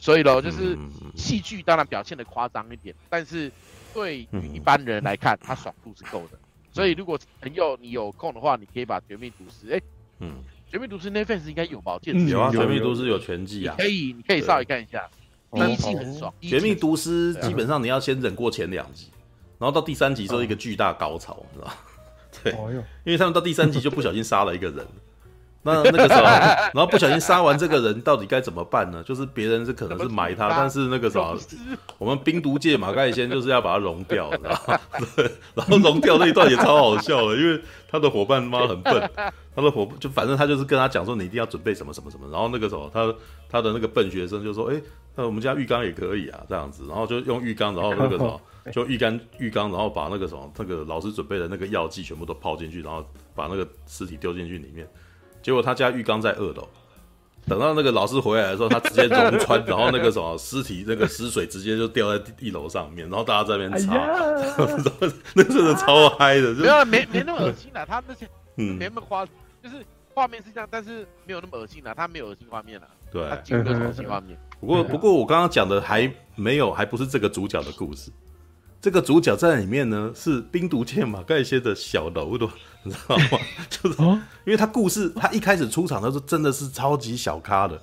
所以嘍，就是戲劇當然表現的誇張一點，但是。對於一般人來看，他爽度是夠的。所以，如果朋友你有空的話，你可以把《絕命毒師》哎、欸，嗯，《絕命毒師》Netflix 應該有見。有啊，《絕命毒師》有全季啊，有有可以，你可以稍微看一下。對第一季很爽，哦，《爽絕命毒師》啊，基本上你要先忍過前兩集，然後到第三集是一個巨大高潮，是吧、嗯？對，因為他們到第三集就不小心殺了一個人。 那那個時候，然後不小心殺完這個人，到底該怎麼辦呢？就是別人是可能是埋他，但是那個什麼，我們冰毒界馬蓋先就是要把它融掉，然後對，然後融掉那一段也超好笑的，因為他的夥伴媽很笨，他的夥就反正他就是跟他講說，你一定要準備什麼什麼什麼。然後那個時候他，他他的那個笨學生就說，哎、欸，那我們家浴缸也可以啊，這樣子。然後就用浴缸，然後那個什麼，就浴缸浴缸，然後把那個什麼那個老師準備的那個藥劑全部都泡進去，然後把那個屍體丟進去裡面。結果他家浴缸在二樓，等到那個老師回來的時候，他直接溶穿， 然後那個什麼屍體、那個屍水直接就掉在地一樓上面，然後大家在那邊擦，哎、呀 那是真的超嗨的，啊、就沒有，沒沒那麼噁心了，他那些嗯沒那麼花，就是畫面是這樣，但是沒有那麼噁心了，他沒有噁心畫面了，對，他整個噁心畫面。不過不過我剛剛講的還沒有，還不是這個主角的故事， 這個主角在裡面呢是冰毒界馬蓋先的小樓的。 你知道嗎？就是因為他故事，他一開始出場的時候真的是超級小咖的，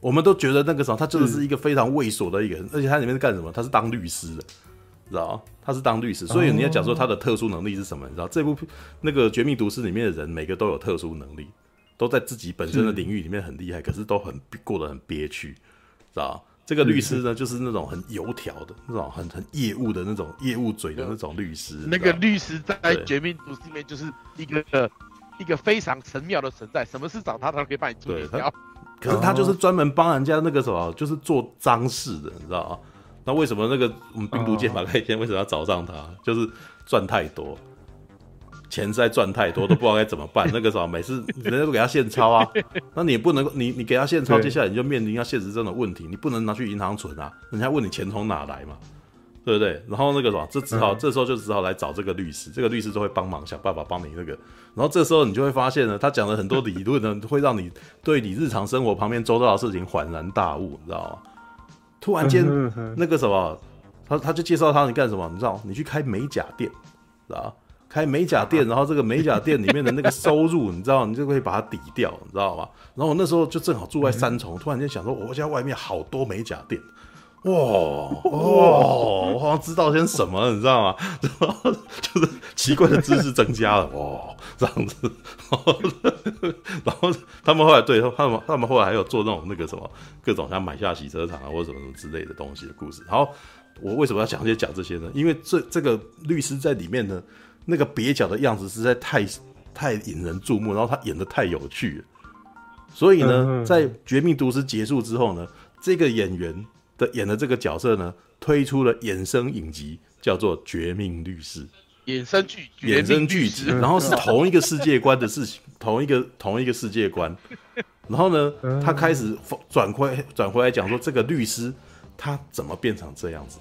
我們都覺得那個時候他真的是一個非常猥瑣的一個人，而且他裡面是幹什麼？他是當律師的，知道他是當律師，所以你要講說他的特殊能力是什麼？你知道這部那個《絕命毒師》裡面的人，每個都有特殊能力，都在自己本身的領域裡面很厲害，可是都很過得很憋屈，知道這個律師呢，師就是那種很油條的那種很、很很業務的那種，業務嘴的那種律師。那個律師在絕命毒師裡面就是一個對一個非常神妙的存在，什麼事找他他都可以幫你解決掉。可是他就是專門幫人家那個什麼，就是做髒事的，你知道啊。那為什麼那個我們病毒劍法、嗯、那一天為什麼要找上他？就是賺太多。錢實在賺太多都不知道該怎麼辦，那個時候每次人家都給他現鈔啊，那你也不能夠，你你給他現鈔，接下來你就面臨要現實中的問題，對你不能拿去銀行存啊，人家問你錢從哪來嘛，對不對？然後那個什麼，這只好、嗯、這時候就只好來找這個律師，這個律師就會幫忙想辦法幫你那個，然後這時候你就會發現呢，他講了很多理論呢， 會讓你對你日常生活旁邊周遭的事情恍然大悟，你知道嗎？突然間那個什麼，他他就介紹他你幹什麼？你知道你去開美甲店，啊？開美甲店，然後這個美甲店裡面的那個收入，你知道，你就可以把它抵掉，你知道嗎？然後我那時候就正好住在三重，嗯、突然間想說，我家外面好多美甲店，哇哇，我好像知道些什麼，你知道嗎？然後就是奇怪的知識增加了，哇、 哦，這樣子， 然後他們後來對，他們他們後來還有做那種那個什麼各種像買下洗車場啊或什麼什麼之類的東西的故事。然後我為什麼要講這些講這些呢？因為這這個律師在裡面呢。那個蹩腳的樣子實在太，太引人注目，然後他演得太有趣了，所以呢，在《絕命毒師》結束之後呢，這個演員的演的這個角色呢，推出了衍生影集，叫做《絕命律師》。衍生劇，衍生劇集，然後是同一個世界觀的事情， 同一個同一個世界觀。然後呢，他開始轉回轉回來講說，這個律師他怎麼變成這樣子？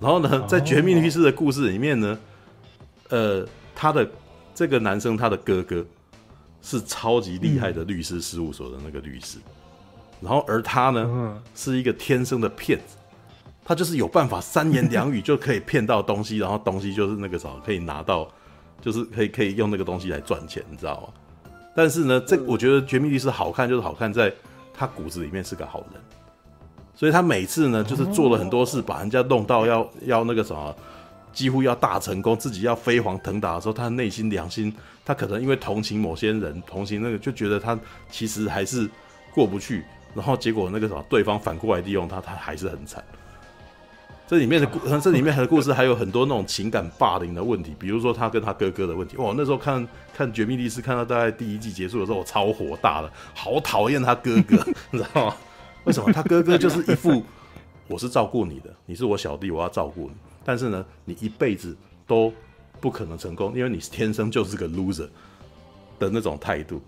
然後呢，在《絕命律師》的故事裡面呢，哦呃，他的這個男生，他的哥哥是超級厲害的律師事務所的那個律師，嗯、然後而他呢，是一個天生的騙子，他就是有辦法三言兩語就可以騙到東西， 然後東西就是那個什麼可以拿到，就是可以可以用那個東西來賺錢，你知道嗎？但是呢，這個、我覺得《絕命律師》好看就是好看在他骨子裡面是個好人，所以他每次呢，就是做了很多事，把人家弄到要要那個什麼。幾乎要大成功，自己要飛黃騰達的時候，他內心良心，他可能因為同情某些人，同情那個，就覺得他其實還是過不去。然後結果那個什麼，對方反過來利用他，他還是很慘。這裡面的故，這裡面的故事還有很多那種情感霸凌的問題，比如說他跟他哥哥的問題。哇，那時候看看《絕命律師》，看到大概第一季結束的時候，我超火大了，好討厭他哥哥， 你知道嗎？為什麼？他哥哥就是一副我是照顧你的，你是我小弟，我要照顧你。但是呢，你一輩子都不可能成功，因為你是天生就是個 loser 的那種態度。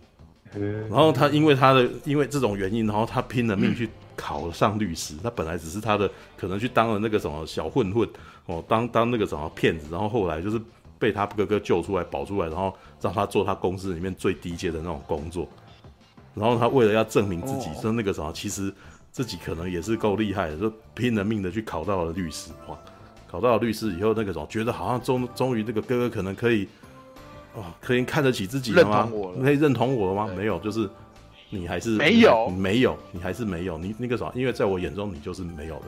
然後他因為他的因為這種原因，然後他拼了命去考上律師。他本來只是他的可能去當了那個什麼小混混哦，當當那個什麼騙子。然後後來就是被他哥哥救出來保出來，然後讓他做他公司裡面最低階的那種工作。然後他為了要證明自己，哦、說那個什麼，其實自己可能也是夠厲害的，就拼了命的去考到了律師。哇找到了律師以後，那個時候覺得好像終終於這個哥哥可能可以，哦、可以看得起自己嗎？認同我，可以認同我嗎？對沒有，就是你還是沒有，你你沒有，你還是沒有，你那個什麼，因為在我眼中你就是沒有的。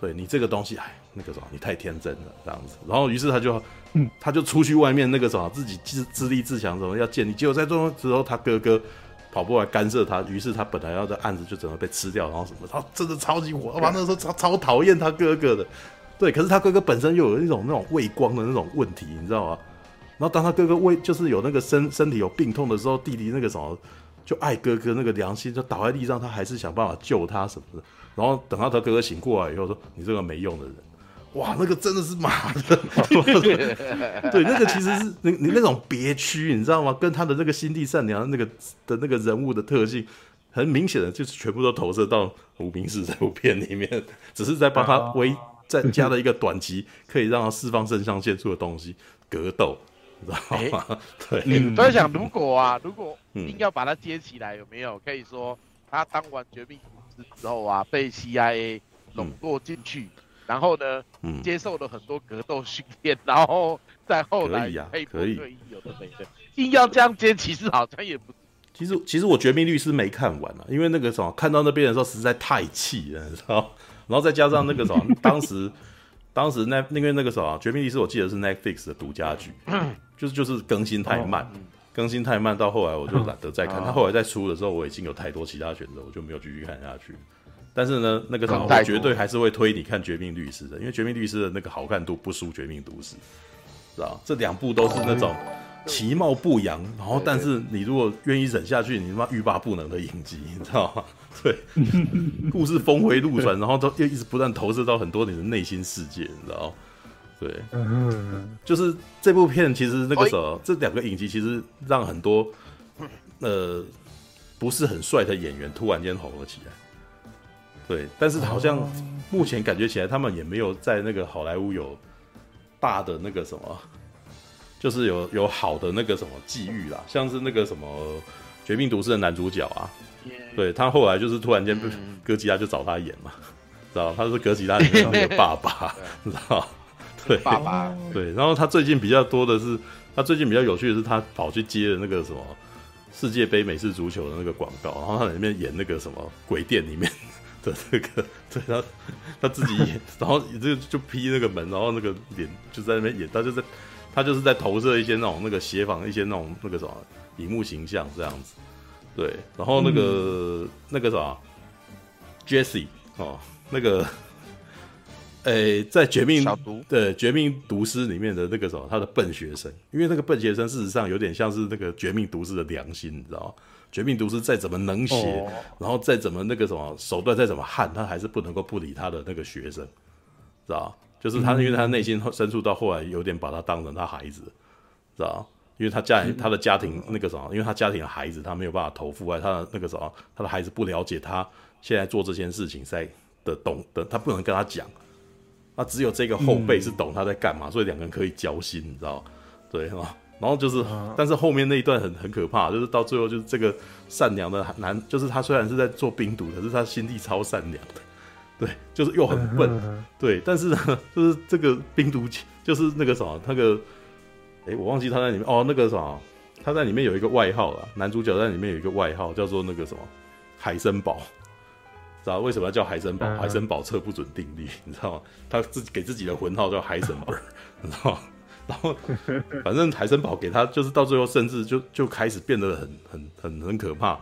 對你這個東西，哎，那個什麼，你太天真了這樣子。然後，於是他就，嗯，他就出去外面那個什麼，自己自自立自強什麼，要見你，結果在這種時候，他哥哥跑過來干涉他，於是他本來要在案子就整個被吃掉，然後什麼，他真的超級火。他哥那時候超超討厭他哥哥的。對，可是他哥哥本身又有一種那種畏光的那種問題，你知道嗎？然後當他哥哥為，就是有那個身身體有病痛的時候，弟弟那個什麼就愛哥哥那個良心就倒在地上，他還是想辦法救他什麼的。然後等到他哥哥醒過來以後說：“你這個沒用的人，哇，那個真的是媽的！” 對，那個其實是你你那種憋屈，你知道嗎？跟他的那個心地善良那個的那個人物的特性，很明顯的就是全部都投射到無名弒這部片裡面，只是在幫他微。 再加了一個短期可以讓它釋放腎上腺素的東西，格，格鬥，你知道嗎？欸、對，都、嗯欸、在想如果啊，如果硬要把它接起來，有沒有？可以說他當完絕命律師之後啊，被 CIA 籠絡進去，嗯、然後呢，嗯、接受了很多格鬥訓練，然後再後來可以可以，可有的沒的，可以啊、可以硬要這樣接，其實好像也不……其實，其實我絕命律師沒看完啊，因為那個什麼，看到那邊的時候實在太氣了，你知道然後再加上那個什麼、啊，當時，當時那那個那個什麼，《絕命律師》，我記得是 Netflix 的獨家劇，就是就是更新太慢，哦、更新太慢，到後來我就懶得再看。他、哦、後來再出的時候，我已經有太多其他選擇，我就沒有繼續看下去。但是呢，那個什麼，我絕對還是會推你看《絕命律師》的，因為《絕命律師》的那個好看度不輸《絕命毒師》，知道，這兩部都是那種。其貌不揚，然後但是你如果願意忍下去，你他媽欲罷不能的影集，你知道嗎？對，故事峰回路轉，然後都又一直不斷投射到很多你的內心世界，你知道嗎？對，就是這部片其實那個時候，哦、咦這兩個影集其實讓很多呃不是很帥的演員突然間紅了起來。對，但是好像目前感覺起來，他們也沒有在那個好萊塢有大的那個什麼。就是有有好的那個什麼際遇啦，像是那個什麼絕命毒師的男主角啊，Yeah. 對，他後來就是突然間，哥吉拉就找他演嘛，mm. 知道他是哥吉拉裡面的爸爸， 你知道對，爸爸對，然後他最近比較多的是，他最近比較有趣的是，他跑去接了那個什麼世界杯美式足球的那個廣告，然後他在裡面演那個什麼鬼店裡面的那個，對他他自己演，然後就就劈那個門，然後那個臉就在那邊演，他就在。他就是在投射一些那種那個協防一些那種那個什麼，熒幕形象這樣子，對，然後那個、嗯、那個什麼，Jesse 哦，那個，誒、欸，在《絕命毒》對《絕命毒師》裡面的那個什麼，他的笨學生，因為那個笨學生事實上有點像是那個《絕命毒師》的良心，你知道嗎？《絕命毒師》再怎麼能寫，哦、然後再怎麼那個什麼手段再怎麼悍，他還是不能夠不理他的那個學生，知道嗎？就是他，因為他內心深處到後來有點把他當成他孩子，知道、嗯、因為他家裡、嗯、他的家庭那個什麼，因為他家庭的孩子他沒有辦法投付啊，他的那個什麼，他的孩子不了解他現在做這件事情在的懂的，他不能跟他講，那只有這個後輩是懂他在幹嘛，嗯、所以兩個人可以交心，你知道嗎？對，然後就是，但是後面那一段很很可怕，就是到最後就是這個善良的男，就是他雖然是在做冰毒，可是他心地超善良的。對，就是又很笨，對，但是呢，就是這個冰毒就是那個什麼，那個，哎、欸，我忘記他在裡面哦，那個什麼，他在裡面有一個外號了，男主角在裡面有一個外號叫做那個什麼海森堡，知道為什麼要叫海森堡？啊啊海森堡測不準定律，你知道嗎？他自己給自己的魂號叫海森堡，你知道嗎？然後反正海森堡給他就是到最後甚至就就開始變得很很很很可怕，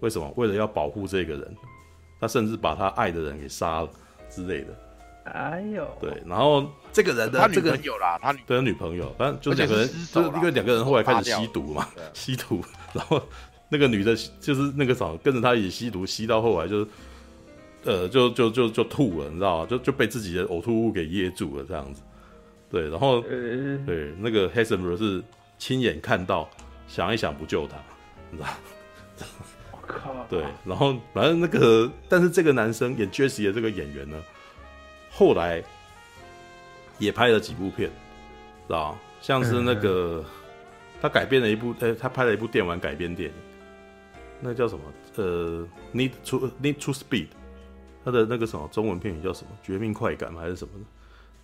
為什麼？為了要保護這個人。他甚至把他愛的人給殺了之類的。哎呦，對，然後這個人的，他女朋友啦，他女的女朋友，反正就兩個人，就因為兩個人後來開始吸毒嘛，吸毒，然後那個女的就是那個啥，跟着他一起吸毒，吸到後來就呃，就就就就，就吐了，你知道嗎？就就被自己的嘔吐物給噎住了這樣子。對，然後、呃、對那個 Heisenberg 是親眼看到，想一想不救他，你知道嗎？ 對，然後反正那個，但是這個男生演 Jesse 的這個演員呢，後來也拍了幾部片，知道嗎？像是那個、嗯、他改編了一部、欸，他拍了一部電玩改編電影，那叫什麼？呃，Need to Need to Speed，他的那個什麼中文片名叫什麼？絕命快感還是什麼呢？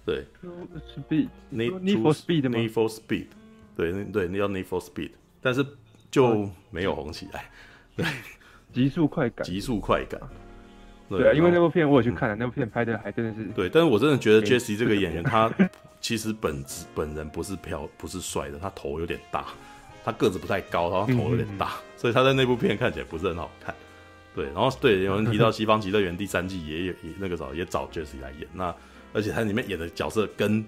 對 No speed.，Need to Speed，Need for Speed，Need for Speed，對，對，那叫 Need for Speed，但是就沒有紅起來。對，極速快感，極速快感。對啊，對，因為那部片我也去看了，啊，嗯、那部片拍的還真的是。對，但是我真的覺得 Jesse 這個演員，他其實本質 本人不是漂，不是帥的，他頭有點大，他個子不太高，然後他頭有點大，嗯、哼哼，所以他在那部片看起來不是很好看。對，然後對，有人提到《西方極樂園》第三季也有也 那個時候也找 Jesse 來演，那而且他裡面演的角色跟。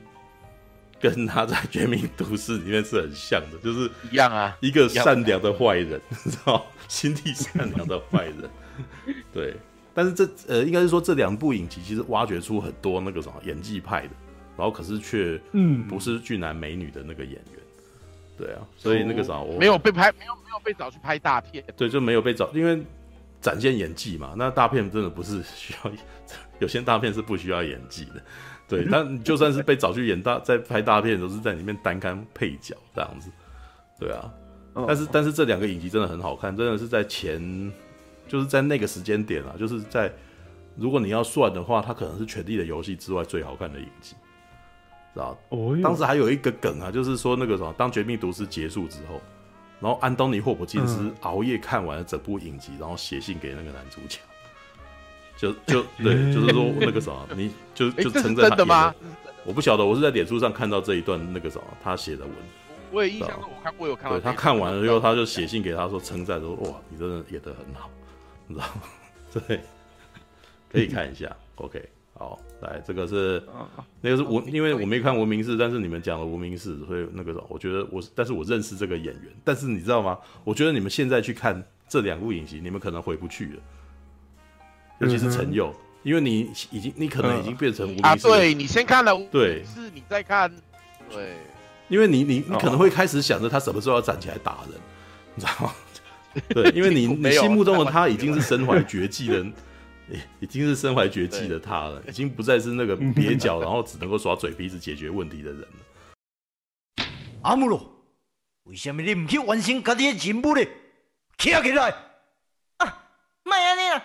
跟他在《絕命毒師》裡面是很像的，就是一樣啊，一個善良的壞人，你知道， 心地善良的壞人。對，但是這呃，應該是說這兩部影集其實挖掘出很多那個什麼演技派的，然後可是卻嗯不是俊男美女的那個演員，對啊，所以那個時候，我沒有被拍，沒有沒有被找去拍大片，對，就沒有被找，因為展現演技嘛，那大片真的不是需要，有些大片是不需要演技的。對，但就算是被找去演大，在拍大片，都是在裡面擔綱配角這樣子。對啊，oh. 但是但是這兩個影集真的很好看，真的是在前，就是在那個時間點啊，就是在如果你要算的話，它可能是《權力的遊戲》之外最好看的影集，知道吧？哦。Oh, oh. 當時還有一個梗啊，就是說那個什麼，當《絕命毒師》結束之後，然後安東尼·霍普金斯熬夜看完了整部影集，oh. 然後寫信給那個男主角。就就對， 就是說那個啥，你就就稱讚他的，的嗎我不曉得，我是在臉書上看到這一段那個啥他寫的文，我，我也印象，我有看，對他看完了以後，他就寫信給他說稱讚，說 哇，你真的演得很好，你知道嗎？對，可以看一下 ，OK，好，來這個是那個是我 因為我沒看《無名弒》，但是你們講了《無名弒》，所以那個我覺得我，但是我認識這個演員，但是你知道嗎？我覺得你們現在去看這兩部影集，你們可能回不去了。尤其是陳宥，嗯、哼因為你已經，你可能已經變成無名弒。啊，對你先看了，對，是你再看，對，因為你，你，你可能會開始想着他什麼時候要站起來打人，你知道嗎？嗯、哼對，因為你，嗯、哼你心目中的他已經是身懷絕技的，嗯、哼已經是身懷絕技的他了，嗯、哼已經不再是那個蹩腳，然後只能夠耍嘴皮子解決問題的人了。阿姆羅，為什麼你不去完成自己的任務呢？起來，起來！啊，安、嗯嗯、哼啊！